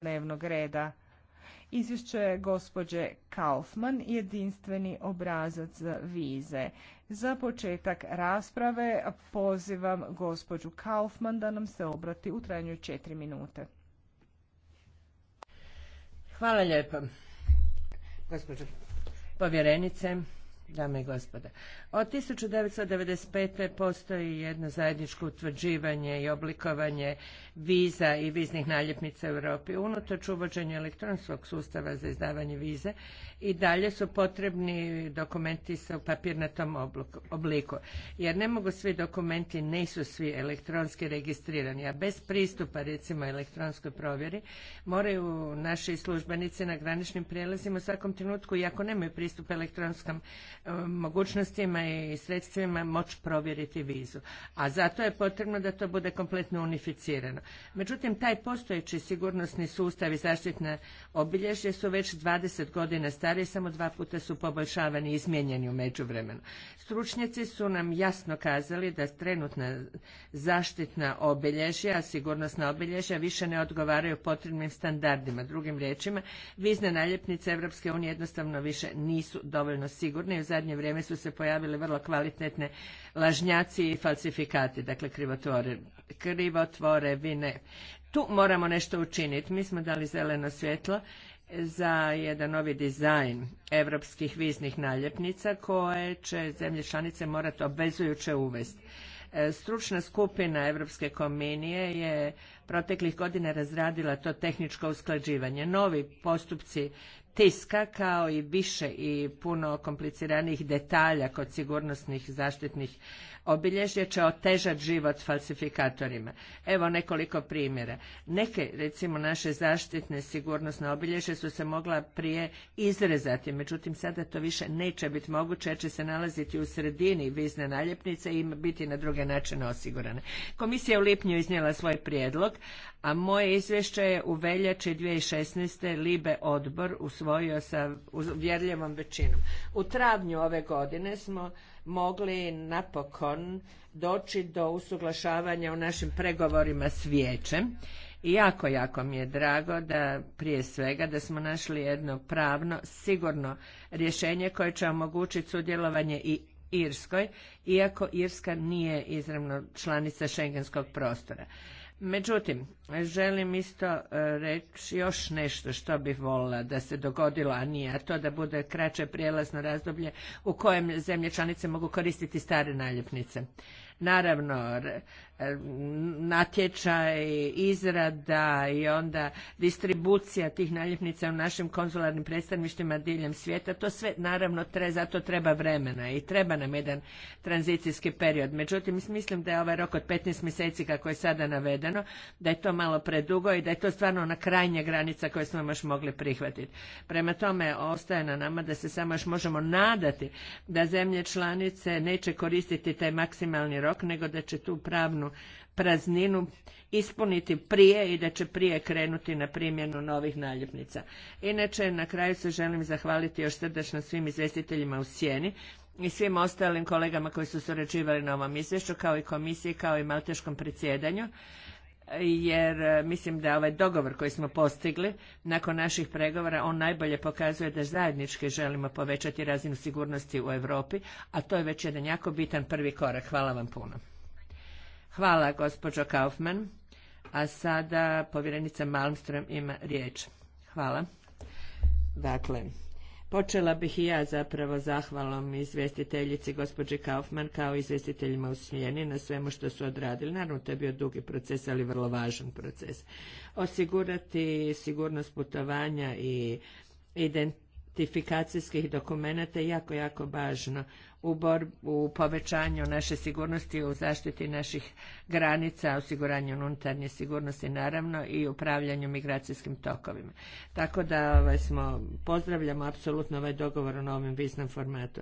dnevnog reda. Izvješće gospođe Kaufman, jedinstveni obrazac za vize. Za početak rasprave pozivam gospođu Kaufman da nam se obrati u trajanju četiri minute. Hvala lijepa, gospođo povjerenice dame i gospode. Od 1995. postoji jedno zajedničko utvrđivanje i oblikovanje viza i viznih naljepnica u Europi. Unatoč uvođenju elektronskog sustava za izdavanje vize i dalje su potrebni dokumenti sa u papirnatom obliku. Jer ne mogu svi dokumenti, nisu svi elektronski registrirani. A bez pristupa, recimo, elektronskoj provjeri, moraju naši službenici na graničnim prijelazima u svakom trenutku, iako nemaju pristup elektronskom E, mogućnostima i sredstvima moći provjeriti vizu. A zato je potrebno da to bude kompletno unificirano. Međutim, taj postojeći sigurnosni sustav i zaštitna obilježje su već 20 godina stari samo dva puta su poboljšavani i izmijenjeni u međuvremenu. Stručnjaci su nam jasno kazali da trenutna zaštitna obilježja, sigurnosna obilježja više ne odgovaraju potrebnim standardima. Drugim riječima, vizne naljepnice Evropske unije jednostavno više nisu dovoljno sigurne i zadnje vrijeme su se pojavili vrlo kvalitetne lažnjaci i falsifikati, dakle krivotvore, vine. Tu moramo nešto učiniti. Mi smo dali zeleno svjetlo za jedan novi dizajn europskih viznih naljepnica koje će zemlje članice morati obvezujuće uvesti. E, stručna skupina Europske kominije je proteklih godina razradila to tehničko usklađivanje. Novi postupci tiska kao i više i puno kompliciranih detalja kod sigurnosnih zaštitnih obilježje će otežati život falsifikatorima. Evo nekoliko primjera. Neke, recimo, naše zaštitne sigurnosne obilježje su se mogla prije izrezati, međutim sada to više neće biti moguće jer će se nalaziti u sredini vizne naljepnice i biti na druge načine osigurane. Komisija je u lipnju iznijela svoj prijedlog, a moje izvješće je u veljači 2016. Libe odbor usvojio sa uvjerljivom većinom. U travnju ove godine smo mogli napokon doći do usuglašavanja u našim pregovorima s vijećem. I jako, jako mi je drago da prije svega da smo našli jedno pravno, sigurno rješenje koje će omogućiti sudjelovanje i Irskoj, iako Irska nije izravno članica šengenskog prostora. Međutim, želim isto e, reći još nešto što bih volila da se dogodilo, a nije, a to da bude kraće prijelazno razdoblje u kojem zemlje članice mogu koristiti stare naljepnice. Naravno, natječaj, izrada i onda distribucija tih naljepnica u našim konzularnim predstavništima diljem svijeta, to sve naravno tre, zato treba vremena i treba nam jedan tranzicijski period. Međutim, mislim da je ovaj rok od 15 mjeseci kako je sada navedeno, da je to malo predugo i da je to stvarno na krajnja granica koju smo još mogli prihvatiti. Prema tome, ostaje na nama da se samo još možemo nadati da zemlje članice neće koristiti taj maksimalni rok rok, nego da će tu pravnu prazninu ispuniti prije i da će prije krenuti na primjenu novih naljepnica. Inače, na kraju se želim zahvaliti još srdačno svim izvjestiteljima u sjeni i svim ostalim kolegama koji su surađivali na ovom izvješću, kao i komisiji, kao i malteškom predsjedanju jer e, mislim da ovaj dogovor koji smo postigli nakon naših pregovora, on najbolje pokazuje da zajednički želimo povećati razinu sigurnosti u Europi, a to je već jedan jako bitan prvi korak. Hvala vam puno. Hvala, gospođo Kaufman. A sada povjerenica Malmström ima riječ. Hvala. Dakle, Počela bih i ja zapravo zahvalom izvestiteljici gospođi Kaufman kao izvjestiteljima u Snijeni na svemu što su odradili. Naravno, to je bio dugi proces, ali vrlo važan proces. Osigurati sigurnost putovanja i identitet ratifikacijskih dokumenata jako, jako važno u, borbu, u povećanju naše sigurnosti, u zaštiti naših granica, osiguranju unutarnje sigurnosti naravno i upravljanju migracijskim tokovima. Tako da ovaj, smo, pozdravljamo apsolutno ovaj dogovor o novom viznom formatu.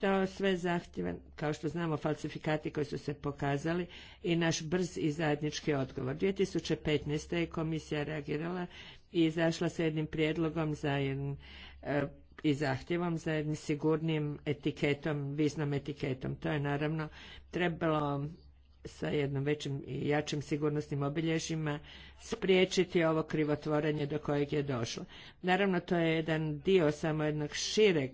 To sve zahtjeva, kao što znamo, falsifikati koji su se pokazali i naš brz i zajednički odgovor. 2015. je komisija reagirala i izašla sa jednim prijedlogom za jednim e, i zahtjevom za jednim sigurnim etiketom, viznom etiketom. To je naravno trebalo sa jednom većim i jačim sigurnosnim obilježjima spriječiti ovo krivotvorenje do kojeg je došlo. Naravno, to je jedan dio samo jednog šireg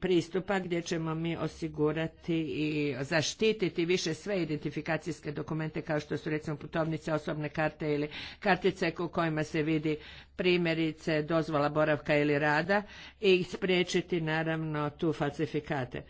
pristupa gdje ćemo mi osigurati i zaštititi više sve identifikacijske dokumente kao što su recimo putovnice, osobne karte ili kartice u kojima se vidi primjerice dozvola boravka ili rada i spriječiti naravno tu falsifikate.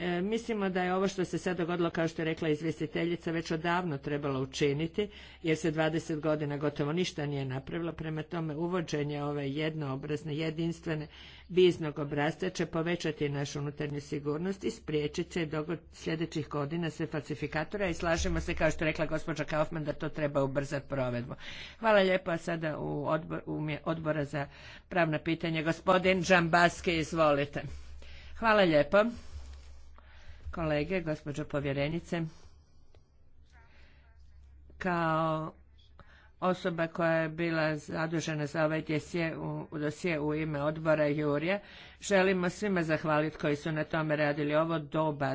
E, mislimo da je ovo što se sad dogodilo, kao što je rekla izvjestiteljica, već odavno trebalo učiniti, jer se 20 godina gotovo ništa nije napravilo. Prema tome, uvođenje ove jednoobrazne, jedinstvene biznog obrazca će povećati našu unutarnju sigurnost i spriječit će dogod sljedećih godina sve falsifikatora i slažemo se, kao što je rekla gospođa Kaufman, da to treba ubrzati provedbu. Hvala lijepo, a sada u, u odbora za pravna pitanja, gospodin Džambaski, izvolite. Hvala lijepo kolege, gospođo povjerenice. Kao osoba koja je bila zadužena za ovaj dosje u, ime odbora Jurija, želimo svima zahvaliti koji su na tome radili ovo doba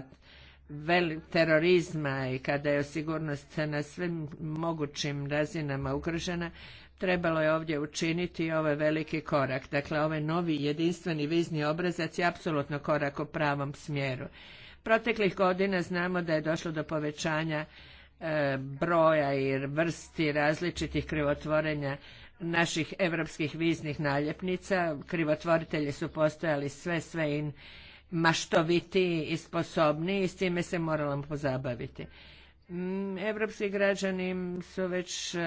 terorizma i kada je sigurnost na svim mogućim razinama ugrožena, trebalo je ovdje učiniti ovaj veliki korak. Dakle, ovaj novi jedinstveni vizni obrazac je apsolutno korak u pravom smjeru. Proteklih godina znamo da je došlo do povećanja e, broja i vrsti različitih krivotvorenja naših europskih viznih naljepnica. Krivotvoritelji su postojali sve, sve in maštovitiji i sposobniji i s time se moramo pozabaviti. Mm, evropski građani su već e,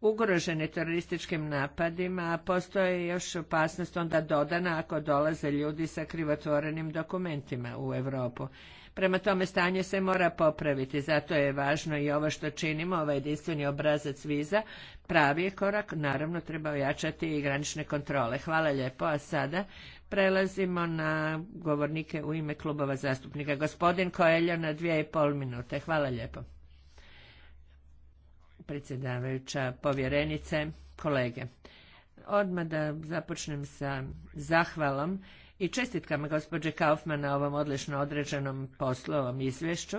ugrožene terorističkim napadima, a postoji još opasnost onda dodana ako dolaze ljudi sa krivotvorenim dokumentima u Europu. Prema tome stanje se mora popraviti, zato je važno i ovo što činimo, ovaj jedinstveni obrazac viza, pravi je korak, naravno treba ojačati i granične kontrole. Hvala lijepo, a sada prelazimo na govornike u ime klubova zastupnika. Gospodin Koelja na dvije i pol minute. Hvala lijepo predsjedavajuća povjerenice, kolege. Odmah da započnem sa zahvalom i čestitkama gospođe Kaufmana na ovom odlično određenom poslu, ovom izvješću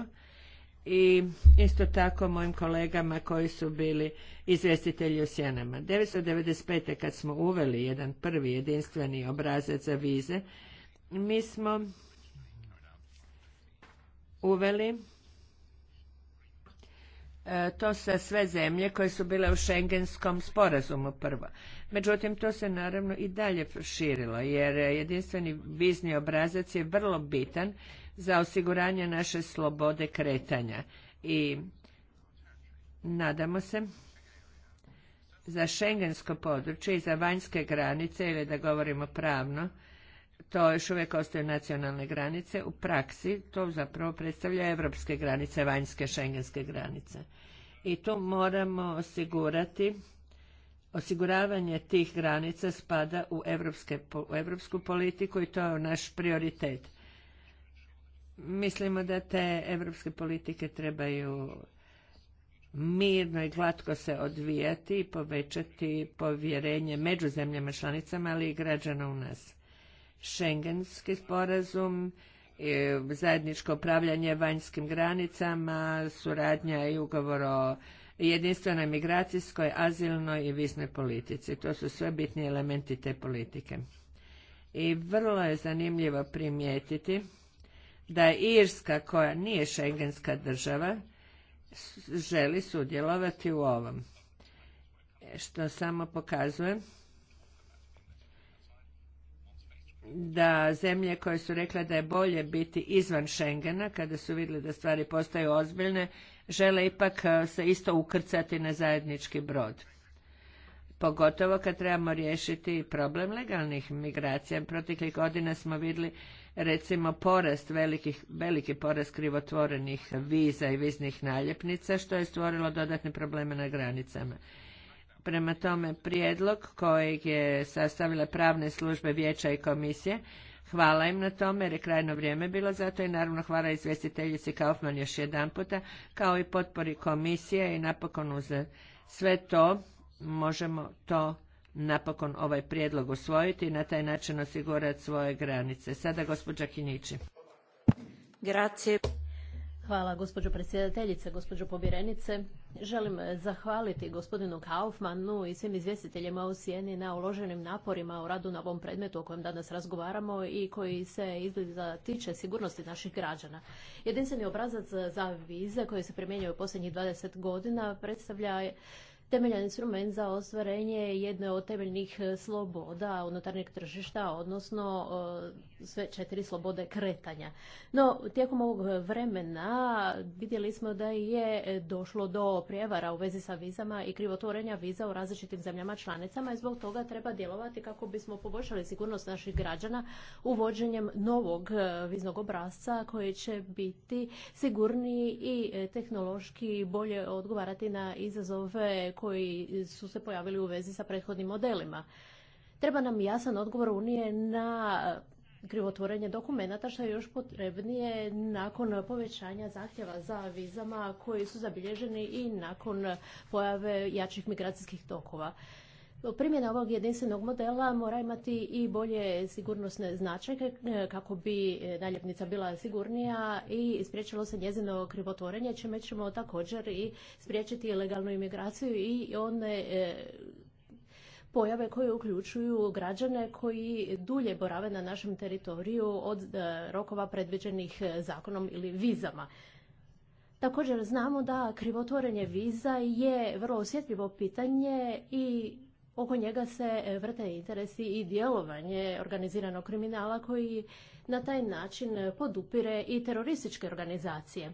i isto tako mojim kolegama koji su bili izvjestitelji u Sjenama. 1995. kad smo uveli jedan prvi jedinstveni obrazac za vize, mi smo uveli E, to sa sve zemlje koje su bile u šengenskom sporazumu prvo. Međutim, to se naravno i dalje proširilo, jer jedinstveni vizni obrazac je vrlo bitan za osiguranje naše slobode kretanja. I nadamo se za šengensko područje i za vanjske granice, ili da govorimo pravno, to još uvijek ostaju nacionalne granice, u praksi to zapravo predstavlja evropske granice, vanjske šengenske granice. I tu moramo osigurati, osiguravanje tih granica spada u, evropske, evropsku politiku i to je naš prioritet. Mislimo da te evropske politike trebaju mirno i glatko se odvijati i povećati povjerenje među zemljama članicama, ali i građana u nas. Schengenski sporazum, e, zajedničko upravljanje vanjskim granicama, suradnja i ugovor o jedinstvenoj migracijskoj, azilnoj i viznoj politici. To su sve bitni elementi te politike. I vrlo je zanimljivo primijetiti da je Irska, koja nije šengenska država, želi sudjelovati u ovom. E, što samo pokazuje da zemlje koje su rekle da je bolje biti izvan Schengena, kada su vidjeli da stvari postaju ozbiljne, žele ipak e, se isto ukrcati na zajednički brod. Pogotovo kad trebamo riješiti problem legalnih migracija. Proteklih godina smo vidjeli recimo porast velikih, veliki porast krivotvorenih viza i viznih naljepnica, što je stvorilo dodatne probleme na granicama. Prema tome, prijedlog kojeg je sastavila pravne službe vijeća i komisije, hvala im na tome jer je krajno vrijeme bilo za to i naravno hvala izvjestiteljici Kaufman još jedan puta, kao i potpori komisije i napokon uz sve to možemo to napokon ovaj prijedlog usvojiti i na taj način osigurati svoje granice. Sada gospođa Kinići. Grazie. Hvala gospođo predsjedateljice, gospođo povjerenice. Želim zahvaliti gospodinu Kaufmanu i svim izvjestiteljima u sjeni na uloženim naporima u radu na ovom predmetu o kojem danas razgovaramo i koji se izgleda tiče sigurnosti naših građana. Jedinstveni obrazac za vize koji se primjenjuje u posljednjih 20 godina predstavlja temeljan instrument za ostvarenje jedne od temeljnih e, sloboda unutarnjeg tržišta, odnosno e, sve četiri slobode kretanja. No, tijekom ovog vremena vidjeli smo da je došlo do prijevara u vezi sa vizama i krivotvorenja viza u različitim zemljama članicama i zbog toga treba djelovati kako bismo poboljšali sigurnost naših građana uvođenjem novog e, viznog obrasca koji će biti sigurniji i tehnološki bolje odgovarati na izazove koji su se pojavili u vezi sa prethodnim modelima. Treba nam jasan odgovor Unije na krivotvorenje dokumenata što je još potrebnije nakon povećanja zahtjeva za vizama koji su zabilježeni i nakon pojave jačih migracijskih tokova. Primjena ovog jedinstvenog modela mora imati i bolje sigurnosne značajke e, kako bi e, naljepnica bila sigurnija i spriječilo se njezino krivotvorenje, čime ćemo također i spriječiti ilegalnu imigraciju i one e, pojave koje uključuju građane koji dulje borave na našem teritoriju od rokova predviđenih zakonom ili vizama. Također znamo da krivotvorenje viza je vrlo osjetljivo pitanje i Oko njega se e, vrte interesi i djelovanje organiziranog kriminala koji na taj način e, podupire i terorističke organizacije.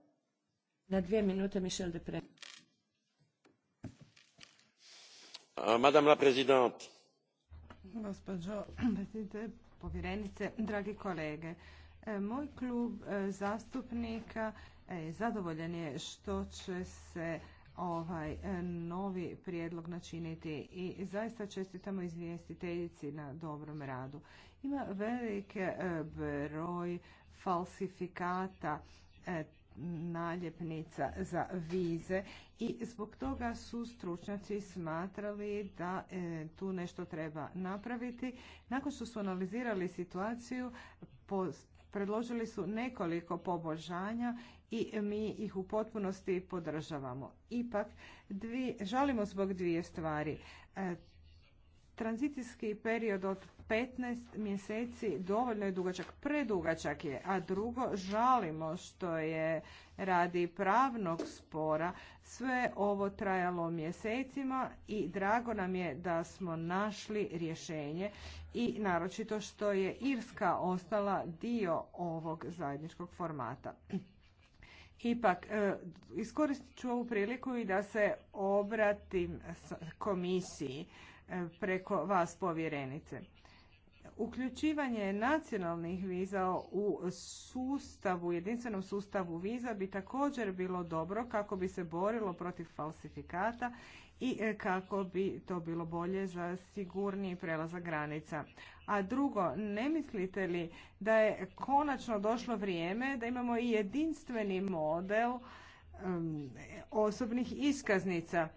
na dvije minute, uh, povjerenice, dragi kolege. E, moj klub e, zastupnika e, zadovoljan je što će se ovaj novi prijedlog načiniti i zaista čestitamo izvjestiteljici na dobrom radu. Ima velik broj falsifikata naljepnica za vize i zbog toga su stručnjaci smatrali da e, tu nešto treba napraviti. Nakon što su analizirali situaciju, predložili su nekoliko poboljšanja i mi ih u potpunosti podržavamo. Ipak, dvi, žalimo zbog dvije stvari. E, tranzicijski period od 15 mjeseci dovoljno je dugačak, predugačak je, a drugo žalimo što je radi pravnog spora sve ovo trajalo mjesecima i drago nam je da smo našli rješenje i naročito što je Irska ostala dio ovog zajedničkog formata. Ipak, e, iskoristit ću ovu priliku i da se obratim komisiji e, preko vas povjerenice. Uključivanje nacionalnih viza u sustavu, jedinstvenom sustavu viza bi također bilo dobro kako bi se borilo protiv falsifikata i e, kako bi to bilo bolje za sigurniji prelazak granica. A drugo, ne mislite li da je konačno došlo vrijeme da imamo i jedinstveni model osobnih iskaznica?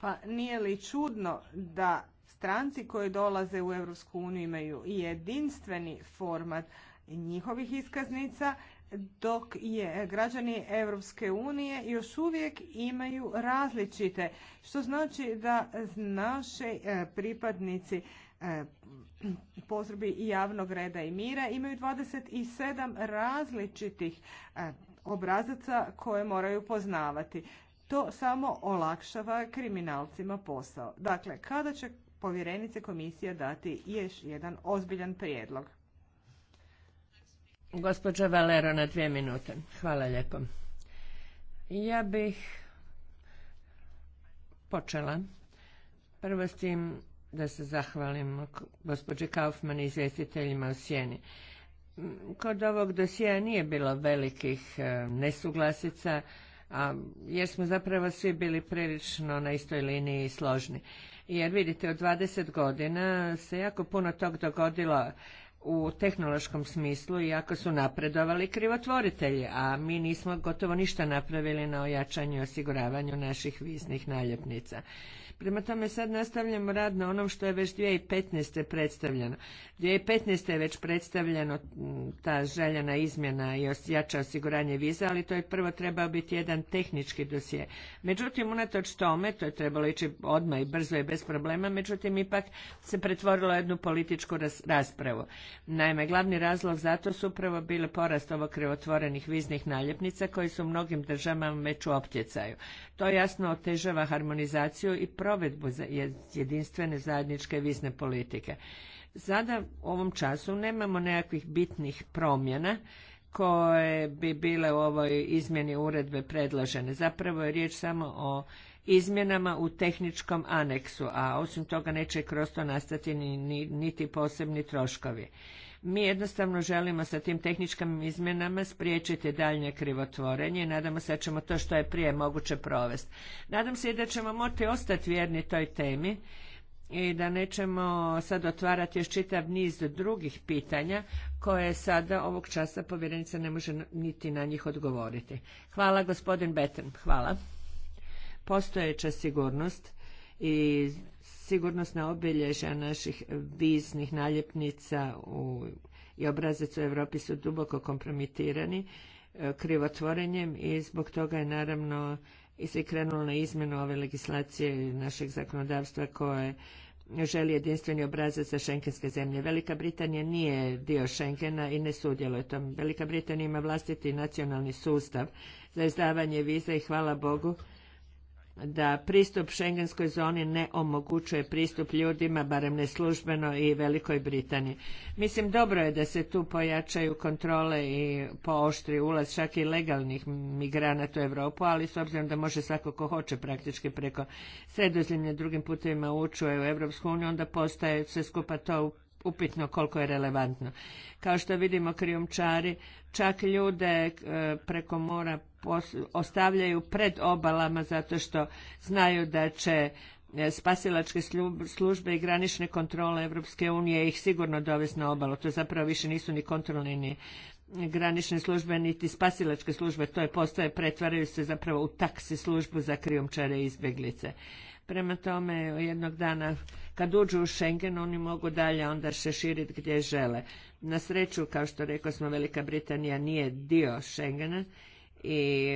Pa nije li čudno da stranci koji dolaze u Europsku uniju imaju jedinstveni format njihovih iskaznica, dok je građani Europske unije još uvijek imaju različite, što znači da naši e, pripadnici e, postrojbi javnog reda i mira imaju 27 različitih e, obrazaca koje moraju poznavati. To samo olakšava kriminalcima posao. Dakle, kada će povjerenice komisija dati još jedan ozbiljan prijedlog. Gospođa Valero na dvije minute. Hvala lijepo. Ja bih počela prvo s tim da se zahvalim gospođi Kaufman i izvjestiteljima u Sjeni. Kod ovog dosija nije bilo velikih e, nesuglasica, a, jer smo zapravo svi bili prilično na istoj liniji i složni jer vidite od 20 godina se jako puno tog dogodilo u tehnološkom smislu i su napredovali krivotvoritelji, a mi nismo gotovo ništa napravili na ojačanju i osiguravanju naših viznih naljepnica. Prema tome sad nastavljamo rad na onom što je već 2015. predstavljeno. 2015. je već predstavljeno ta željena izmjena i jača osiguranje viza, ali to je prvo trebao biti jedan tehnički dosje. Međutim, unatoč tome, to je trebalo ići odmah i brzo i bez problema, međutim, ipak se pretvorilo jednu političku raspravu. Naime, glavni razlog za to su upravo bile porast ovog krivotvorenih viznih naljepnica koji su mnogim državama već u optjecaju. To jasno otežava harmonizaciju i provedbu jedinstvene zajedničke vizne politike. Sada u ovom času nemamo nekakvih bitnih promjena koje bi bile u ovoj izmjeni uredbe predložene. Zapravo je riječ samo o izmjenama u tehničkom aneksu, a osim toga neće kroz to nastati niti posebni troškovi. Mi jednostavno želimo sa tim tehničkim izmjenama spriječiti daljnje krivotvorenje i nadamo se da ćemo to što je prije moguće provesti. Nadam se i da ćemo morati ostati vjerni toj temi i da nećemo sad otvarati još čitav niz drugih pitanja koje sada ovog časa povjerenica ne može niti na njih odgovoriti. Hvala gospodin Beten, hvala. Postojeća sigurnost i sigurnosna obilježja naših viznih naljepnica u, i obrazac u Europi su duboko kompromitirani e, krivotvorenjem i zbog toga je naravno i se krenulo na izmjenu ove legislacije našeg zakonodavstva koje želi jedinstveni obrazac za šenkenske zemlje. Velika Britanija nije dio Schengena i ne sudjeluje tom. Velika Britanija ima vlastiti nacionalni sustav za izdavanje viza i hvala Bogu da pristup šengenskoj zoni ne omogućuje pristup ljudima, barem ne službeno i Velikoj Britaniji. Mislim, dobro je da se tu pojačaju kontrole i pooštri ulaz čak i legalnih migranata u Europu, ali s obzirom da može svako ko hoće praktički preko sredozemlje drugim putevima ući u Europsku uniju, onda postaje sve skupa to upitno koliko je relevantno. Kao što vidimo krijumčari čak ljude e, preko mora ostavljaju pred obalama zato što znaju da će e, spasilačke službe i granične kontrole Europske unije ih sigurno dovesti na obalu. To zapravo više nisu ni kontrolni ni granične službe niti spasilačke službe. To je postoje, pretvaraju se zapravo u taksi službu za krijumčare i izbjeglice. Prema tome, jednog dana kad uđu u Schengen, oni mogu dalje onda se širiti gdje žele. Na sreću, kao što rekao smo, Velika Britanija nije dio Schengena i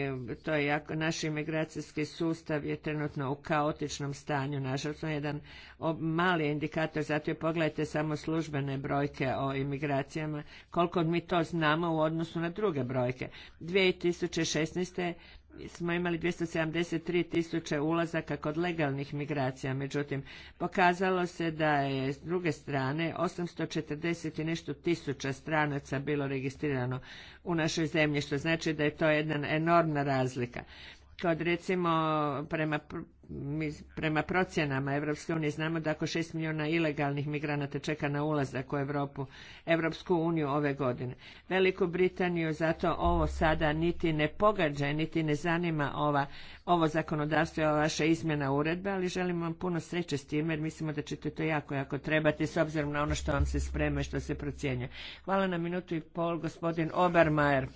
to je jako, naš imigracijski sustav je trenutno u kaotičnom stanju, nažalost, jedan mali indikator, zato je pogledajte samo službene brojke o imigracijama, koliko mi to znamo u odnosu na druge brojke. 2016 smo imali 273 tisuće ulazaka kod legalnih migracija, međutim, pokazalo se da je s druge strane 840 i nešto tisuća stranaca bilo registrirano u našoj zemlji, što znači da je to jedna enormna razlika. Kod recimo prema prema procjenama Evropske unije znamo da oko 6 milijuna ilegalnih migranata čeka na ulazak u Europu, Evropsku uniju ove godine. Veliku Britaniju zato ovo sada niti ne pogađa, niti ne zanima ova, ovo zakonodavstvo i ova vaša izmjena uredbe, ali želim vam puno sreće s time jer mislimo da ćete to jako, jako trebati s obzirom na ono što vam se sprema i što se procjenjuje. Hvala na minutu i pol gospodin Obermajer.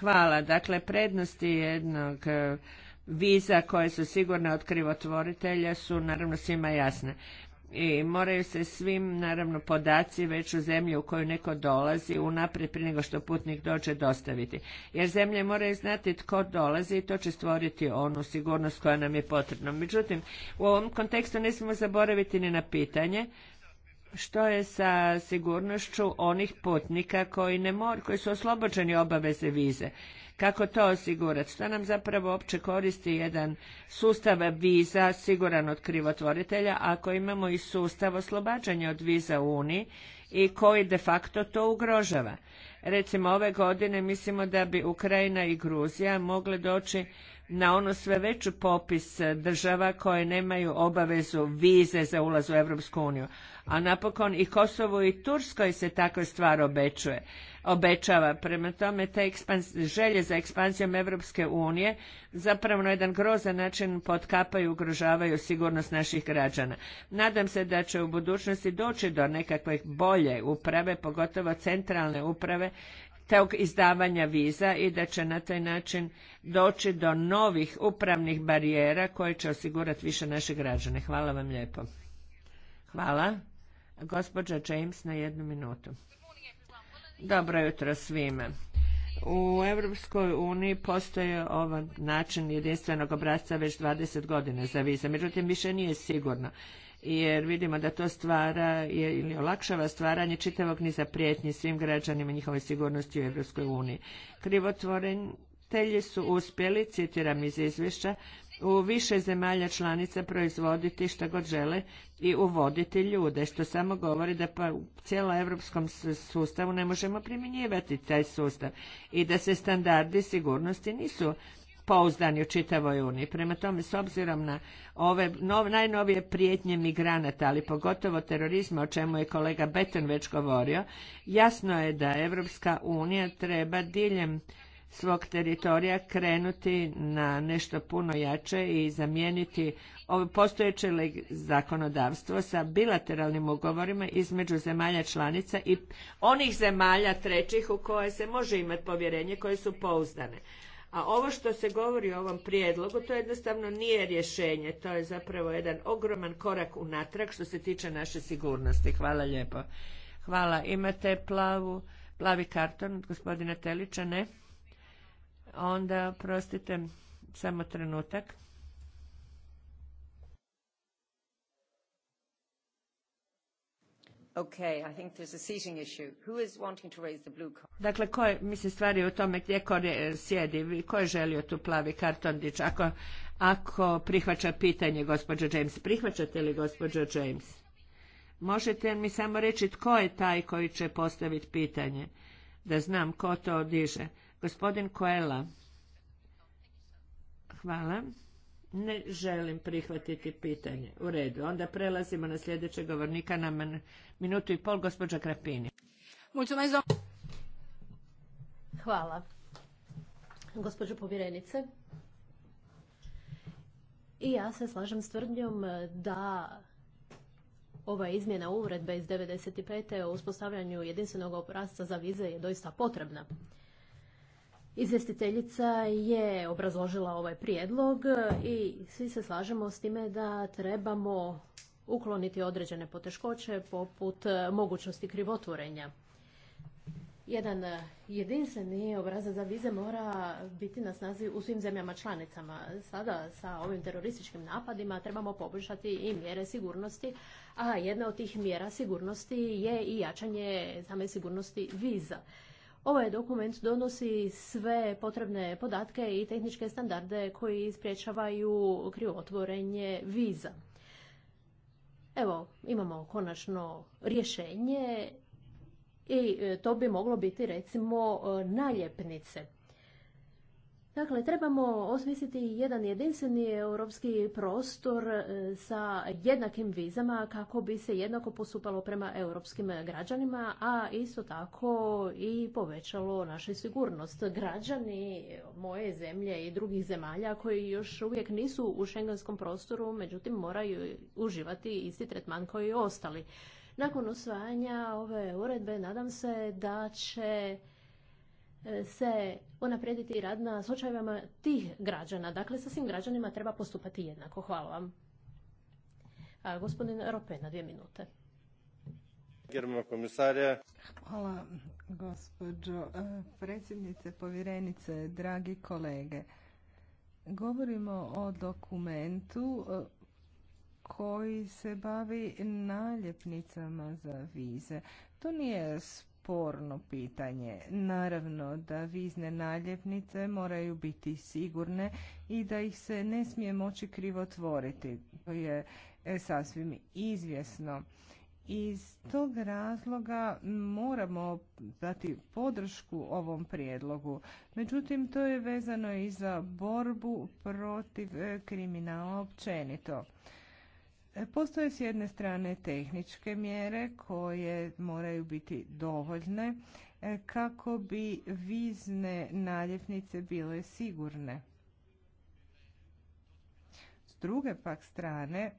Hvala. Dakle, prednosti jednog eh, viza koje su sigurne od krivotvoritelja su naravno svima jasne. I moraju se svim, naravno, podaci već u zemlji u koju neko dolazi unaprijed prije nego što putnik dođe dostaviti. Jer zemlje moraju znati tko dolazi i to će stvoriti onu sigurnost koja nam je potrebna. Međutim, u ovom kontekstu ne smijemo zaboraviti ni na pitanje što je sa sigurnošću onih putnika koji, ne mor, koji su oslobođeni obaveze vize? Kako to osigurati? Što nam zapravo opće koristi jedan sustav viza siguran od krivotvoritelja ako imamo i sustav oslobađanja od viza u Uniji i koji de facto to ugrožava? Recimo ove godine mislimo da bi Ukrajina i Gruzija mogle doći na ono sve veći popis država koje nemaju obavezu vize za ulaz u Europsku uniju. A napokon i Kosovu i Turskoj se takva stvar obećuje, obećava. Prema tome, te želje za ekspanzijom Europske unije zapravo na jedan grozan način potkapaju i ugrožavaju sigurnost naših građana. Nadam se da će u budućnosti doći do nekakve bolje uprave, pogotovo centralne uprave, tog izdavanja viza i da će na taj način doći do novih upravnih barijera koje će osigurati više naše građane. Hvala vam lijepo. Hvala. Gospođa James na jednu minutu. Dobro jutro svima. U Europskoj uniji postoji ovaj način jedinstvenog obrazca već 20 godina za vize, međutim više nije sigurno jer vidimo da to stvara ili olakšava stvaranje čitavog niza prijetnji svim građanima njihove sigurnosti u Evropskoj uniji. Krivotvorentelji su uspjeli, citiram iz izvješća, u više zemalja članica proizvoditi što god žele i uvoditi ljude, što samo govori da pa u cijelo europskom sustavu ne možemo primjenjivati taj sustav i da se standardi sigurnosti nisu pouzdani u čitavoj Uniji. Prema tome, s obzirom na ove nov, najnovije prijetnje migranata, ali pogotovo terorizma, o čemu je kolega Beton već govorio, jasno je da Evropska unija treba diljem svog teritorija krenuti na nešto puno jače i zamijeniti ovo postojeće zakonodavstvo sa bilateralnim ugovorima između zemalja članica i onih zemalja trećih u koje se može imati povjerenje koje su pouzdane. A ovo što se govori o ovom prijedlogu, to jednostavno nije rješenje. To je zapravo jedan ogroman korak unatrag što se tiče naše sigurnosti. Hvala lijepo. Hvala. Imate plavu, plavi karton gospodina Telića? Ne? Onda, prostite, samo trenutak. Okay, I think there's a seating issue. Dakle, ko mi se stvari u tome gdje ko sjedi, ko je želio tu plavi karton dić, ako, ako prihvaća pitanje, gospođo James, prihvaćate li gospođo James? Možete mi samo reći tko je taj koji će postaviti pitanje, da znam ko to diže. Gospodin Koela. Hvala. Ne želim prihvatiti pitanje. U redu. Onda prelazimo na sljedećeg govornika na minutu i pol, gospođa Krapini. Hvala. Gospođo povjerenice, i ja se slažem s tvrdnjom eh, da ova izmjena uredbe iz 95. o uspostavljanju jedinstvenog obrasca za vize je doista potrebna. Izvjestiteljica je obrazložila ovaj prijedlog i svi se slažemo s time da trebamo ukloniti određene poteškoće poput mogućnosti krivotvorenja. Jedan jedinstveni obrazac za vize mora biti na snazi u svim zemljama članicama. Sada sa ovim terorističkim napadima trebamo poboljšati i mjere sigurnosti, a jedna od tih mjera sigurnosti je i jačanje same sigurnosti viza. Ovaj dokument donosi sve potrebne podatke i tehničke standarde koji spriječavaju krivotvorenje viza. Evo, imamo konačno rješenje i e, to bi moglo biti recimo e, naljepnice. Dakle, trebamo osmisliti jedan jedinstveni europski prostor e, sa jednakim vizama kako bi se jednako postupalo prema europskim građanima, a isto tako i povećalo našu sigurnost. Građani moje zemlje i drugih zemalja koji još uvijek nisu u šengenskom prostoru, međutim moraju uživati isti tretman koji i ostali. Nakon usvajanja ove uredbe nadam se da će E, se unaprijediti rad na slučajevima tih građana. Dakle, sa svim građanima treba postupati jednako. Hvala vam. A, gospodin Rope na dvije minute. Hvala gospođo e, predsjednice, povjerenice, dragi kolege. Govorimo o dokumentu e, koji se bavi naljepnicama za vize. To nije sporno pitanje. Naravno da vizne naljepnice moraju biti sigurne i da ih se ne smije moći krivotvoriti. To je e, sasvim izvjesno. Iz tog razloga moramo dati podršku ovom prijedlogu. Međutim, to je vezano i za borbu protiv e, kriminala općenito. E, postoje s jedne strane tehničke mjere koje moraju biti dovoljne e, kako bi vizne naljepnice bile sigurne. S druge pak strane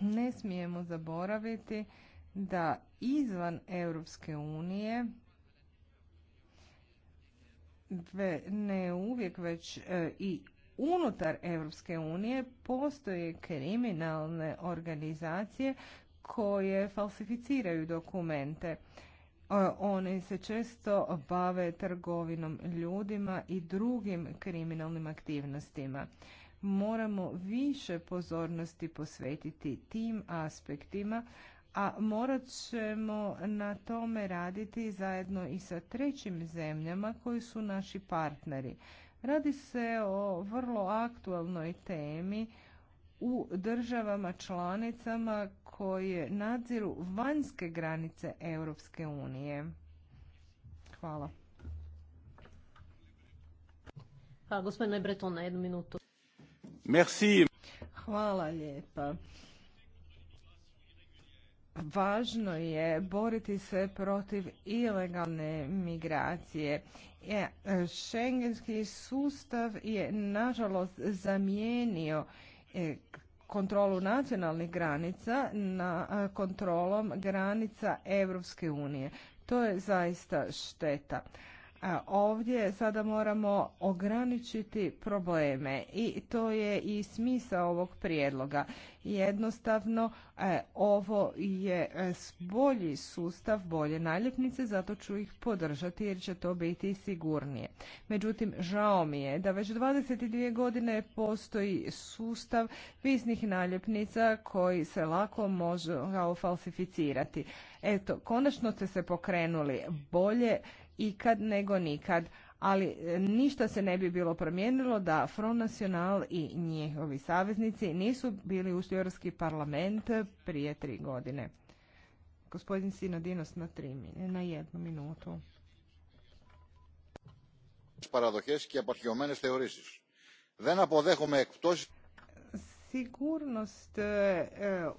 ne smijemo zaboraviti da izvan Europske unije ne uvijek već e, i unutar Europske unije postoje kriminalne organizacije koje falsificiraju dokumente. E, One se često bave trgovinom ljudima i drugim kriminalnim aktivnostima. Moramo više pozornosti posvetiti tim aspektima, a morat ćemo na tome raditi zajedno i sa trećim zemljama koji su naši partneri. Radi se o vrlo aktualnoj temi u državama članicama koje nadziru vanjske granice Europske unije. Hvala. Hvala, gospodine Breton, na jednu minutu. Merci. Hvala lijepa važno je boriti se protiv ilegalne migracije. E, Schengenski sustav je nažalost zamijenio e, kontrolu nacionalnih granica na e, kontrolom granica Europske unije. To je zaista šteta. Ovdje sada moramo ograničiti probleme i to je i smisao ovog prijedloga. Jednostavno, e, ovo je e, bolji sustav, bolje naljepnice, zato ću ih podržati jer će to biti sigurnije. Međutim, žao mi je da već 22 godine postoji sustav visnih naljepnica koji se lako može falsificirati. Eto, konačno ste se pokrenuli bolje ikad nego nikad. Ali e, ništa se ne bi bilo promijenilo da Front National i njihovi saveznici nisu bili u Europski parlament prije tri godine. Gospodin Sinodinos na, tri, na jednu minutu. Παραδοχές i Δεν αποδέχομαι sigurnost e, e,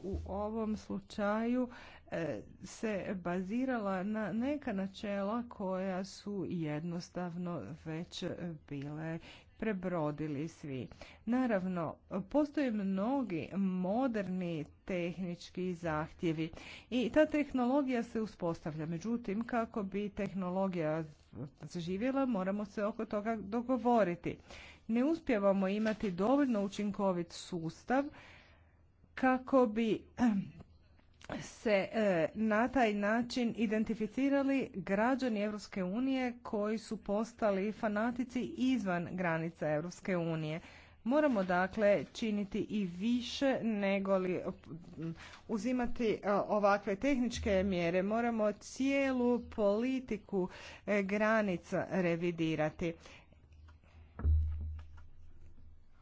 u ovom slučaju e, se bazirala na neka načela koja su jednostavno već bile prebrodili svi. Naravno, postoje mnogi moderni tehnički zahtjevi i ta tehnologija se uspostavlja. Međutim, kako bi tehnologija zaživjela, moramo se oko toga dogovoriti ne uspjevamo imati dovoljno učinkovit sustav kako bi se e, na taj način identificirali građani Europske unije koji su postali fanatici izvan granica Europske unije. Moramo dakle činiti i više nego li mm, uzimati e, ovakve tehničke mjere. Moramo cijelu politiku e, granica revidirati.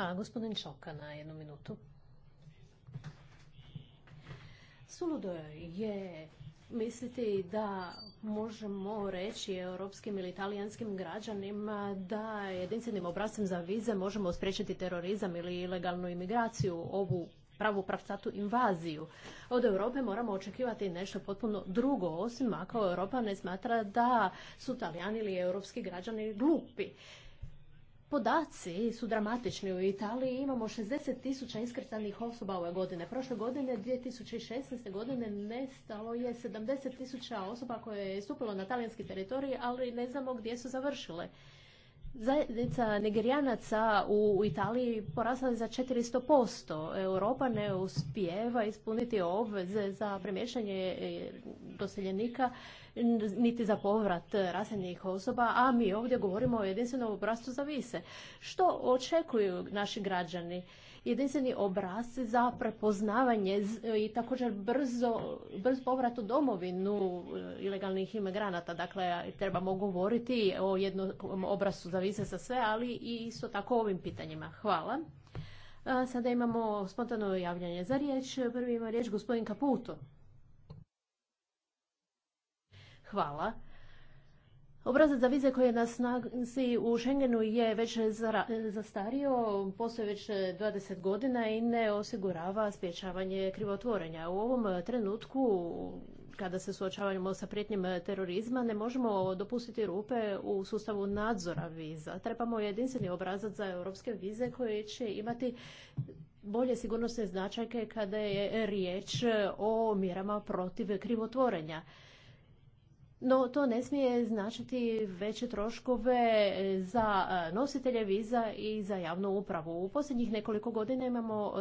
A gospodin Čoka, na jednu minutu. Suludo je misliti da možemo reći europskim ili italijanskim građanima da jedinstvenim obrazcem za vize možemo spriječiti terorizam ili ilegalnu imigraciju, ovu pravu pravcatu invaziju. Od Europe moramo očekivati nešto potpuno drugo, osim ako Europa ne smatra da su Talijani ili europski građani glupi. Podaci su dramatični. U Italiji imamo 60 tisuća iskrcanih osoba ove godine. Prošle godine, 2016. godine, nestalo je 70 tisuća osoba koje je stupilo na talijanski teritorij, ali ne znamo gdje su završile. Zajednica nigerijanaca u Italiji porasla je za 400%. Europa ne uspijeva ispuniti obveze za premješanje e, doseljenika niti za povrat raseljenih osoba, a mi ovdje govorimo o jedinstvenom obrastu za vise. Što očekuju naši građani? jedinstveni obraz za prepoznavanje i također brzo, brz povrat u domovinu e, ilegalnih imigranata. Dakle, trebamo govoriti o jednom obrazu za vize za sve, ali i isto tako o ovim pitanjima. Hvala. Sada imamo spontano javljanje za riječ. Prvi ima riječ gospodin Kaputo. Hvala. Obrazac za vize koji je na snazi u Schengenu je već zastario, postoje već 20 godina i ne osigurava sprječavanje krivotvorenja. U ovom trenutku, kada se suočavamo sa prijetnjem terorizma, ne možemo dopustiti rupe u sustavu nadzora viza. Trebamo jedinstveni obrazac za europske vize koji će imati bolje sigurnosne značajke kada je riječ o mjerama protiv krivotvorenja. No to ne smije značiti veće troškove za e, nositelje viza i za javnu upravu. U posljednjih nekoliko godina imamo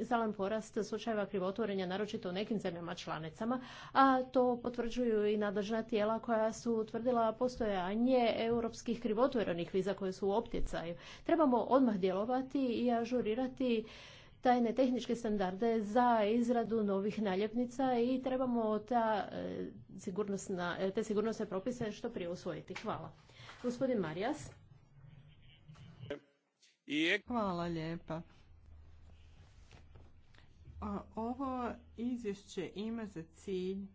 e, stalan porast slučajeva krivotvorenja, naročito u nekim zemljama članicama, a to potvrđuju i nadležna tijela koja su utvrdila postojanje europskih krivotvorenih viza koje su u optjecaju. Trebamo odmah djelovati i ažurirati tajne tehničke standarde za izradu novih naljepnica i trebamo ta e, sigurnosna, e, te sigurnosne propise što prije usvojiti. Hvala. Gospodin Marijas. Hvala lijepa. Ovo izvješće ima za cilj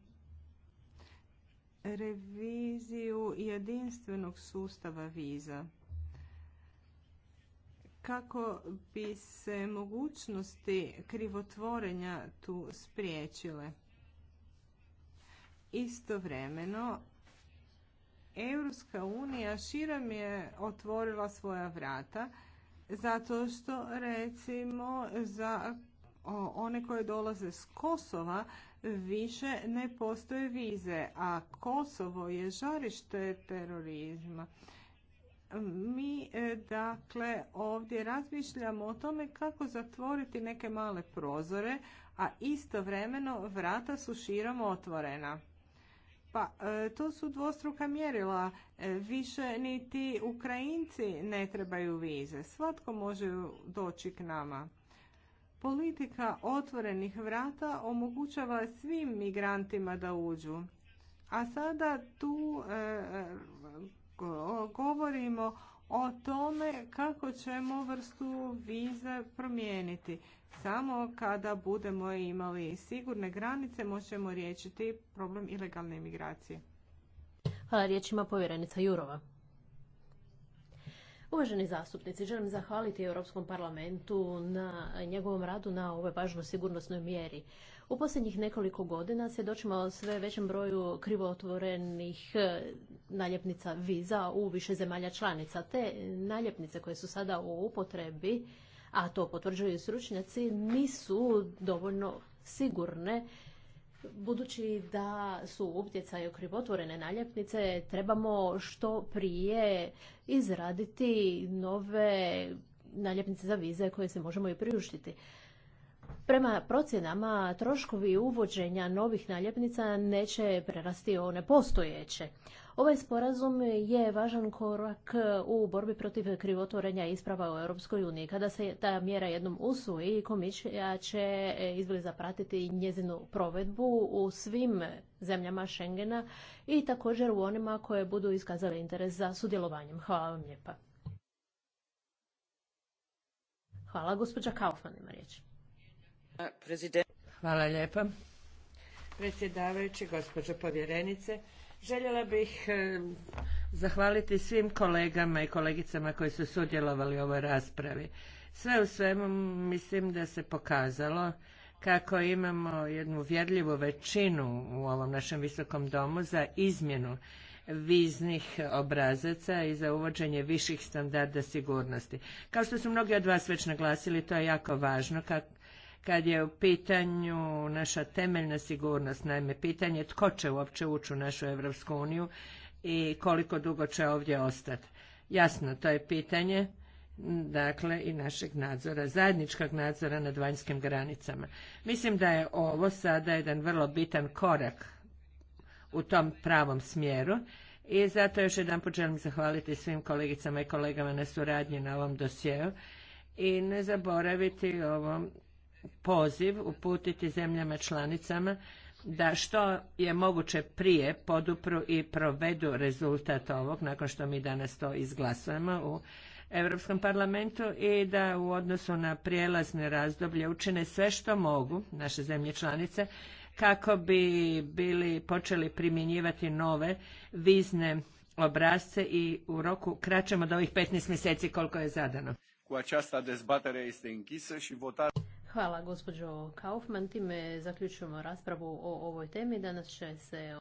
reviziju jedinstvenog sustava viza kako bi se mogućnosti krivotvorenja tu spriječile. Istovremeno, Europska unija širom je otvorila svoja vrata zato što recimo za one koje dolaze s Kosova više ne postoje vize, a Kosovo je žarište terorizma mi e, dakle ovdje razmišljamo o tome kako zatvoriti neke male prozore, a istovremeno vrata su širom otvorena. Pa e, to su dvostruka mjerila. E, više niti Ukrajinci ne trebaju vize. Svatko može doći k nama. Politika otvorenih vrata omogućava svim migrantima da uđu. A sada tu govorimo o tome kako ćemo vrstu vize promijeniti. Samo kada budemo imali sigurne granice možemo riješiti problem ilegalne imigracije. Hvala riječima povjerenica Jurova. Uvaženi zastupnici, želim zahvaliti Europskom parlamentu na njegovom radu na ovoj važnoj sigurnosnoj mjeri. U posljednjih nekoliko godina svjedočimo sve većem broju krivotvorenih e, naljepnica viza u više zemalja članica. Te naljepnice koje su sada u upotrebi, a to potvrđuju stručnjaci, nisu dovoljno sigurne Budući da su u utjecaju krivotvorene naljepnice, trebamo što prije izraditi nove naljepnice za vize koje se možemo i priuštiti. Prema procjenama, troškovi uvođenja novih naljepnica neće prerasti one postojeće. Ovaj sporazum je važan korak u borbi protiv krivotvorenja isprava u EU. Kada se ta mjera jednom usvoji, komisija će izbili zapratiti njezinu provedbu u svim zemljama Schengena i također u onima koje budu iskazali interes za sudjelovanjem. Hvala vam lijepa. Hvala, gospođa Kaufman ima riječi. Hvala lijepa. Predsjedavajući, gospođo povjerenice, željela bih e, zahvaliti svim kolegama i kolegicama koji su sudjelovali u ovoj raspravi. Sve u svemu mislim da se pokazalo kako imamo jednu uvjerljivu većinu u ovom našem visokom domu za izmjenu viznih obrazaca i za uvođenje viših standarda sigurnosti. Kao što su mnogi od vas već naglasili, to je jako važno kako kad je u pitanju naša temeljna sigurnost, naime pitanje tko će uopće ući u našu Europsku uniju i koliko dugo će ovdje ostati. Jasno, to je pitanje dakle i našeg nadzora, zajedničkog nadzora nad vanjskim granicama. Mislim da je ovo sada jedan vrlo bitan korak u tom pravom smjeru i zato još jedan put želim zahvaliti svim kolegicama i kolegama na suradnji na ovom dosjeu i ne zaboraviti ovom poziv uputiti zemljama članicama da što je moguće prije podupru i provedu rezultat ovog, nakon što mi danas to izglasujemo u Europskom parlamentu i da u odnosu na prijelazne razdoblje učine sve što mogu naše zemlje članice kako bi bili počeli primjenjivati nove vizne obrazce i u roku kraćemo od ovih 15 mjeseci koliko je zadano. Hvala gospođo Kaufman. Time zaključujemo raspravu o ovoj temi. Danas će se